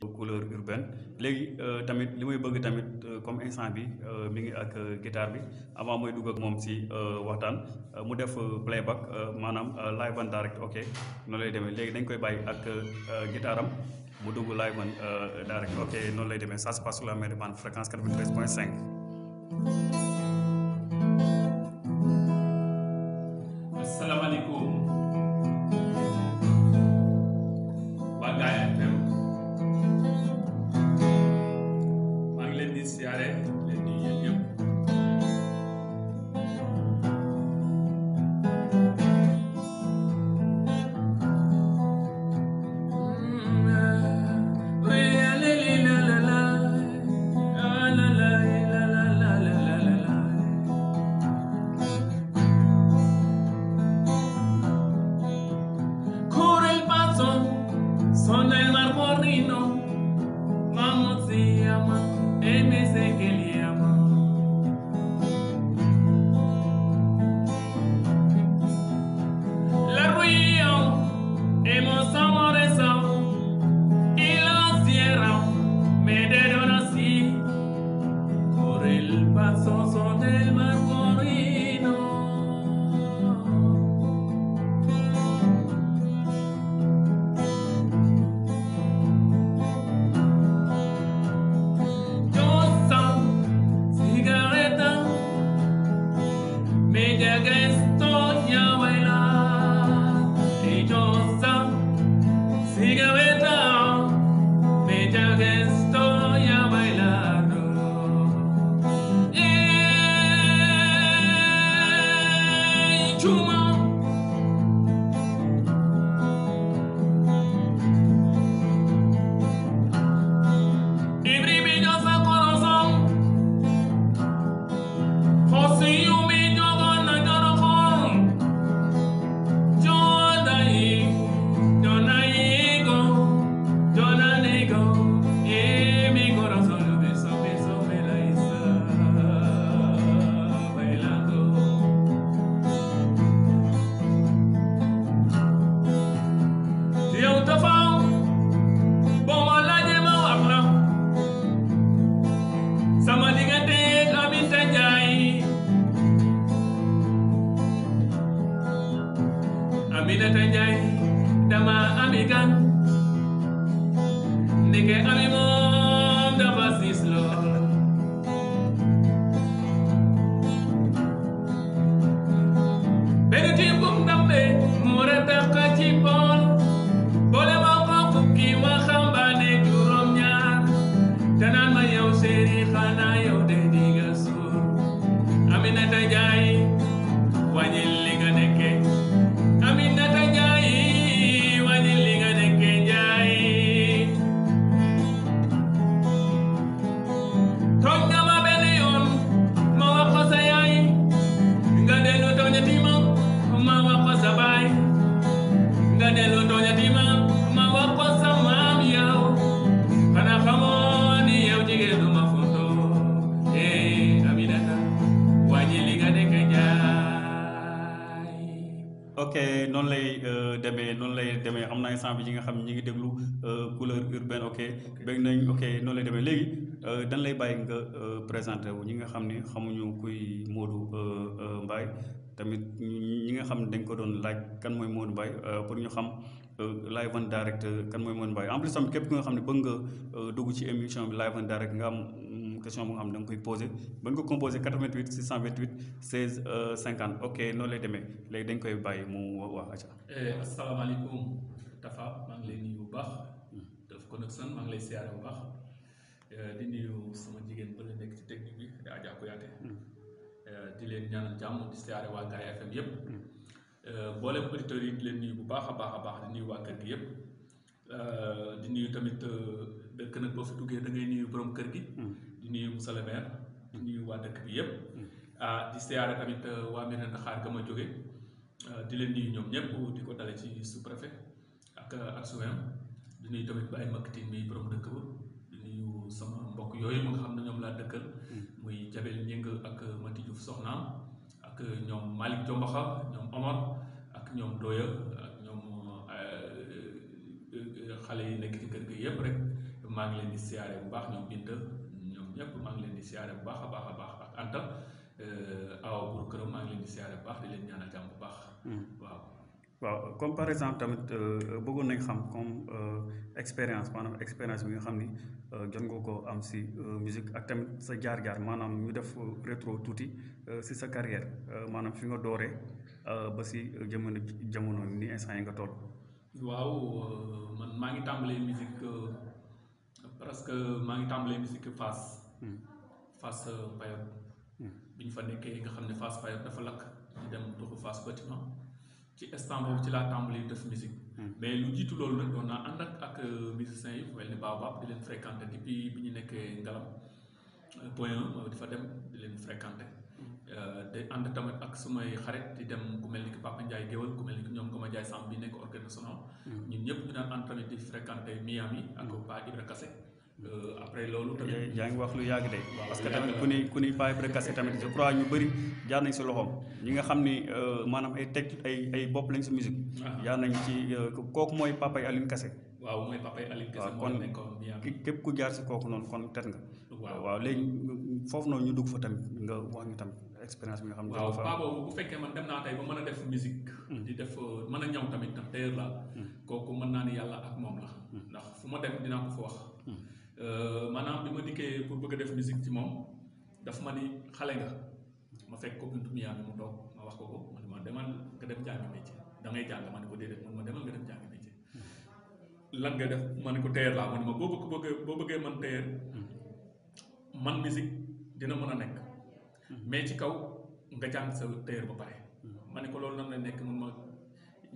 couleur urbaine léegi euh, tamit li may bëgg tamit euh, comme instant bi euh, mi ngi ak guitare bi amaa mooy dugg ak moom si waxtaan mu def playback maanaam live and direct ok noonu lay demee léegi dañ koy bàyyi ak gitaaram am mu dugg live and direct ok noonu lay demee ça se passe sur la Mermoz Fréquence 93.5 Son del mar morrino, vamos se llama MSGL. May again. grace kabila ta jai dama amigan nike amimo ok noonu lay euh, demee noonu lay demee am na instant bi ñi nga xam ñi ngi deglu euh, couleur urbaine ok bëgg nañ ok noonu lay demee léegi euh, dañ lay bàyyi nga présenté wu ñi nga xam ni xamuñu kuy Modou mbaay tamit ñi nga xam ne dañ ko doon laaj kan mooy Modou Mbaye pour ñu xam live en direct kan mooy Modou Mbaye en plus tamit képp ki nga xam ne bëgg nga dugg ci émission bi live on direct nga am am question bu xam da nga koy posé ba nga ko composé 88 628 16 50 ok noonu lay demee léegi dañ koy bàyyi mu wax acca. Eh, asalaamaaleykum Tafa maa ngi lay nuyu bu baax. Teuf Connection maa ngi lay siyaare bu baax. Eh, di nuyu sama jigéen ba la nekk ci technique bi di eh, di leen ñaanal jàmm di siyaare waa Ngaye FM yëpp. mboolem auditeurs yi di leen nuyu bu baax a baax a baax di nuyu waa kër gi yëpp. di nuyu tamit euh, dëkk nag boo fi duggee da ngay borom kër gi. di nuyu monsieur le maire di nuyu waa dëkk bi yépp hmm. ah di siyaare tamit ah, waa mbir na xaar ga di leen nuyu ñoom ñëpp di ko dale ci sous préfet ak ah, ak suwem di nuyu tamit ba ay maktin mi borom dëkk ba di nuyu sama mbokk yooyu ma nga xam ne ñoom dëkkal hmm. muy jabel ñëng ak ah, mati diouf soxnaam ak ñoom malik jombaxa ñoom omar ak ñoom doya ak ñoom eh, eh, xale yi nekk ci kër ga yépp rek maa ngi leen di siyaare bu baax ñoom bind ñëpp maa ngi leen di siyaare bu baax a baax a baax ak Anta euh, aw pour këram maa ngi leen di siyaare bu baax di leen ñaanal jàmm bu baax. Hmm. waaw. waaw comme par exemple tamit euh, bëggoon nañ xam comme euh, expérience maanaam expérience bi nga xam ni jot nga ko am si musique ak tamit sa jaar-jaar maanaam ñu def rétro tuuti si sa carrière maanaam fi nga dooree ba si jamono jamono ni instant yi nga toll. waaw man maa ngi tàmbalee musique presque maa ngi tàmbalee musique Fass. Hmm. Fass Payotte hmm. bi ñu fa nekkee nga xam ne Fass Payotte dafa lakk ñu dem tuxu Fass bâtiment ci instant boobu ci laa tàmbali def musique hmm. mais lu jiitu loolu nag doon naa ànd ak ak euh, musiciens yi mel ni Baobab di leen fréquenter depuis bi ñu nekkee ngalam euh, point un euh, dem leen fréquenter di ànd tamit ak sumay xarit di dem ku mel ni ki Papa Ndiaye Géwal ku mel ni ki ñoom Goma Ndiaye Samb bi nekk orchestre national ñun ñëpp ñu daan ànd tamit di fréquenter Miami ak Ba Ibra Kassé Euh, après loolu tamit yaa ngi wax lu yàgg de parce que tamit ku ni ku ni Paye Bada Kassé tamit je crois ñu bëri jaar nañ si loxoom ñi nga xam ni euh, maanaam ay teg ay ay bopp lañ si musique ah. jaar nañ ci euh, kooku mooy Papa Aline Kassé waaw mooy Papa Aline Kassé kon képp ku jaar si kooku noonu kon tet nga waaw léegi foofu noonu ñu dugg fa tamit nga wax ñu tamit expérience bi nga xam ne waaw paa boobu bu fekkee man dem naa tey ba mën a def musique hmm. di a ñaw tamit ndax d'ailleurs la hmm. kooku mën naa ni yàlla ak moom la hmm. ndax fu ma dem dinaa ko Euh, manam bima diké pour bëgg def musique ci mom daf ma ni xalé nga ma fekk ko buntu miyaa mu tok ma wax ko ko man ma demal nga dem jàngi métier da ngay jàng man ko dédé man ma demal nga dem jàngi métier lan nga def man ko téer la man ma bo bëgg bo bëgg bo boo man teer man musique dina mëna a nekk mais ci kaw nga jàng sa téer ba paré ma ko lool nan la nekk man ma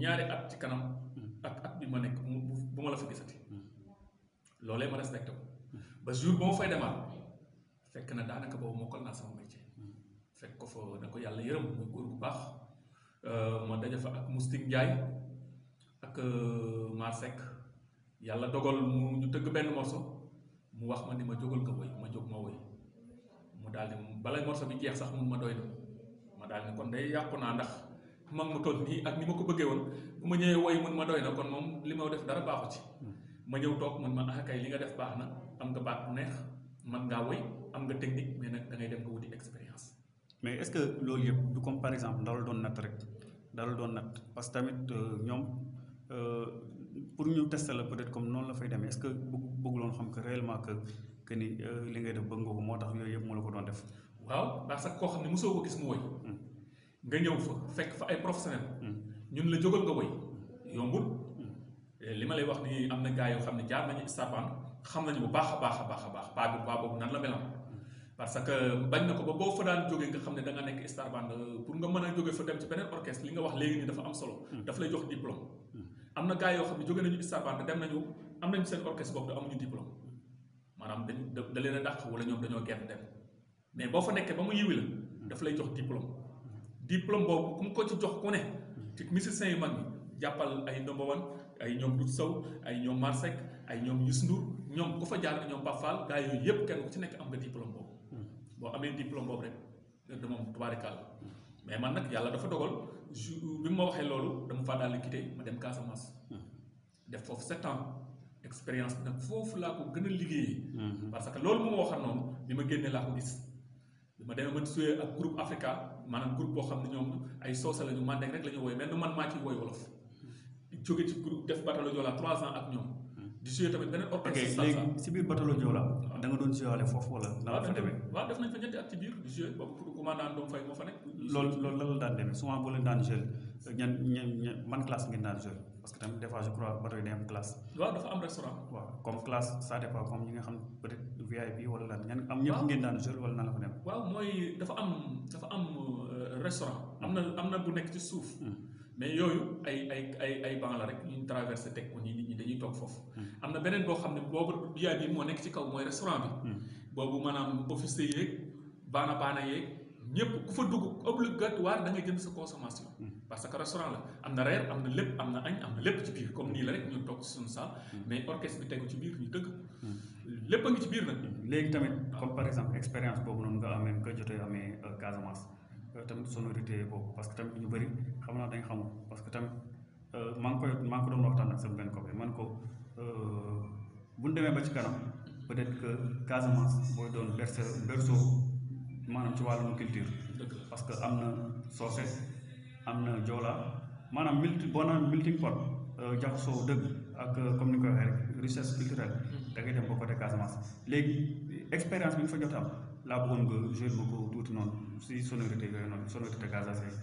ñaari at ci kanam ak at bi ma nekk bu ma la fa gisati lolé ma respecté ko ba jour ba fay demal fekk na danaka bo mokkal na sama métier fekk ko fo nako yalla yeureum yërëm bu baax euh, mo dajja fa ak moustique njaay ak euh, marsek yalla dogal mu ñu teug ben morso mu wax ma ni ma jógal ko woy ma jog ma woy mu dal ni bala morso bi jeex sax mu ma doyna ma dal ni kon day yàqu ndax mag ma toll ni ak ni ma ko bëggee woon bu ma woy mu ma doyna kon mom limaw def dara baaxu ci ma ñew tok man ma ah kay li nga def baxna am nga baat bu neex man nga woy am nga technique mais nak da ngay dem ko wuti experience mais est ce que lool yeb du comme par exemple dal don nat rek dal don nat parce que tamit euh, euh pour ñu tester la peut être comme non la fay dem est ce que bëgg bëgguloon xam que réellement que que ni euh, li ngay def bëgg ko moo tax yooyu la ko don def waaw parce que ko xamni ne ko gis mu woy hmm. nga ñew fa fekk fa ay professionnel hmm. ñun la jogal nga woy li ma lay wax ni am na gars yoo xam ne jaar nañu Sarbane xam nañu bu baax a baax a baax a baax paa bi paa boobu nan la melam parce que bañ na ko ba boo fa daan jógee nga xam ne da nga nekk star pour nga mën a jóge fa dem ci beneen orchestre wax léegi nii dafa am solo. Hmm. daf jox diplôme. Hmm. am na gars yoo xam ne jóge nañu star band dem nañu am nañu seen orchestre boobu te amuñu diplôme maanaam dañu da leen a dàq wala ñoom dañoo gën dem mais boo fa nekkee ba mu yiwi la hmm. daf lay jox diplôme diplôme boobu ku mu ko ci jox ku ne ci musiciens yu mag yi jàppal ay number one ay ñoom Doudou Sow ay ñoom Marsek ay ñoom Youssou Ndour ñoom ku fa jaar ak ñoom Pape Fall gars yooyu yëpp kenn ku ci nekk am nga diplôme boobu hmm. boo amee diplôme boobu rek da dama tubaarikaal mais man nag yàlla dafa dogal bi ma waxee loolu dama faa daal quitté ma dem Casamance hmm. def foofu sept ans expérience nag foofu laa ko gën a liggéeyee hmm. parce que loolu moom waxal noonu bi ma génnee laa ko gis bi ma demee ma suyee ak groupe Africa maanaam groupe boo xam ne ñoom ay soose lañu man rek la ñu woy du man maa ci woy wolof joge ci groupe def batalo jola 3 ans ak ñom hmm. di jouer tamit benen orchestre ok léegi si biir batalo jola da nga doon jola fofu wala na fa demee wa def nañ fa ñetti at ci biir di jouer boobu ko commandant doom fay mo fa nek loolu loolu la daan demee souvent bo leen daan jël ñan ñan man classe ngeen daan jël parce que tam des fois je crois ba yi day am classe wa dafa am restaurant wa comme classe ça dépend comme ñi nga xam peut être VIP wala lan ñan am ñepp ngeen daan jël wala na la fa demee wa moy dafa am dafa am euh, restaurant am amna am bu nek ci souf hmm. mais yooyu ay ay ay ay banc la rek ñu traversé teg ko nii nit ñi dañuy toog foofu. Hmm. am na beneen boo xam ne boobu biyaay bi moo nekk ci kaw mooy restaurant bi. Hmm. boobu maanaam officier yeeg baana baana yeeg ñëpp ku fa dugg obligatoire da ngay jënd sa consommation. Hmm. parce que restaurant la am na reer am na lépp am na añ am na lépp ci biir comme nii la rek ñu toog suñu saal. mais orchestre bi tegu ci biir ñu dëgg. lépp a ngi ci biir nag. léegi tamit comme par exemple expérience boobu noonu nga amee nga jotee amee euh, Casamance. tamit sonorité boobu parce que tamit ñu bëri xam naa dañ xamul parce que tamit maa ngi koy maa ngi ko doon waxtaan ak sama benn copain man ko bu ñu demee ba ci kanam peut-être que Casamance booy doon berceau berceau maanaam ci wàllum culture. parce que am na soose am na joola maanaam multi boo naan melting pot jaxasoo dëgg ak comme ni ñu koy waxee rek richesse culturelle da ngay dem ba côté Casamance léegi. expérience bi nga fa jot laa bëggoon nga joué ma ko tuuti noonu si sonorité yooyu noonu Casa Séye